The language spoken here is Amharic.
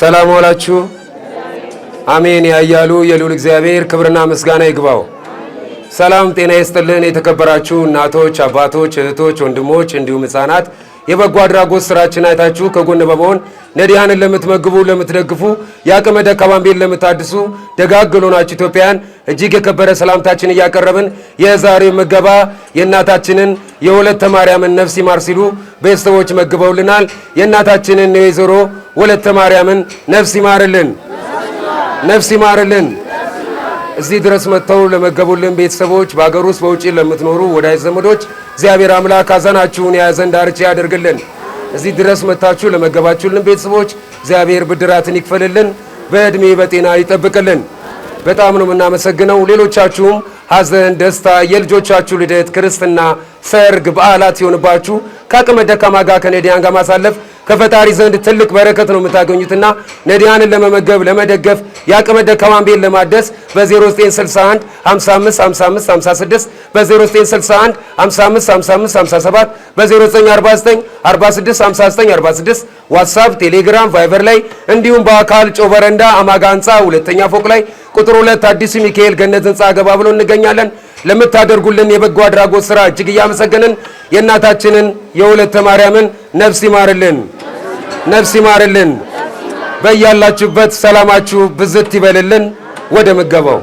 ሰላም ዋላችሁ። አሜን ያያሉ የልዑል እግዚአብሔር ክብርና ምስጋና ይግባው። ሰላም ጤና ይስጥልን። የተከበራችሁ እናቶች፣ አባቶች፣ እህቶች፣ ወንድሞች እንዲሁም ሕፃናት የበጎ አድራጎት ስራችን አይታችሁ ከጎን በመሆን ነዲያንን ለምትመግቡ፣ ለምትደግፉ የአቅመ ደካማን ቤት ለምታድሱ ደጋግሎ ሎናችሁ ኢትዮጵያን እጅግ የከበረ ሰላምታችን እያቀረብን የዛሬው ምገባ የእናታችንን የወለተ ማርያምን ነፍስ ይማር ሲሉ ቤተሰቦች መግበውልናል። የእናታችንን ወይዘሮ ወለተ ማርያምን ነፍስ ይማርልን፣ ነፍስ ይማርልን። እዚህ ድረስ መጥተው ለመገቡልን ቤተሰቦች፣ በአገር ውስጥ በውጭ ለምትኖሩ ወዳጅ ዘመዶች እግዚአብሔር አምላክ ሐዘናችሁን የያዘን ዳርቻ ያደርግልን። እዚህ ድረስ መጥታችሁ ለመገባችሁልን ቤተሰቦች እግዚአብሔር ብድራትን ይክፈልልን፣ በእድሜ በጤና ይጠብቅልን። በጣም ነው የምናመሰግነው። ሌሎቻችሁም ሐዘን፣ ደስታ፣ የልጆቻችሁ ልደት፣ ክርስትና፣ ሰርግ፣ በዓላት ሲሆንባችሁ ከአቅመ ደካማ ጋር ከኔዲያን ጋር ማሳለፍ ከፈጣሪ ዘንድ ትልቅ በረከት ነው የምታገኙትና ነዳያንን ለመመገብ ለመደገፍ የአቅመ ደካማን ቤት ለማደስ በ0961 55 በ0961 በ ዋትሳፕ፣ ቴሌግራም፣ ቫይበር ላይ እንዲሁም በአካል ጮ አማጋ ህንፃ ሁለተኛ ፎቅ ላይ ቁጥር ሁለት አዲሱ ሚካኤል ገነት ህንፃ አገባ ብሎ እንገኛለን። ለምታደርጉልን የበጎ አድራጎት ስራ እጅግ እያመሰገንን የእናታችንን የወለተ ማርያምን ነፍስ ይማርልን። ነፍስ ይማርልን። በያላችሁበት ሰላማችሁ ብዝት ይበልልን። ወደ ምገባው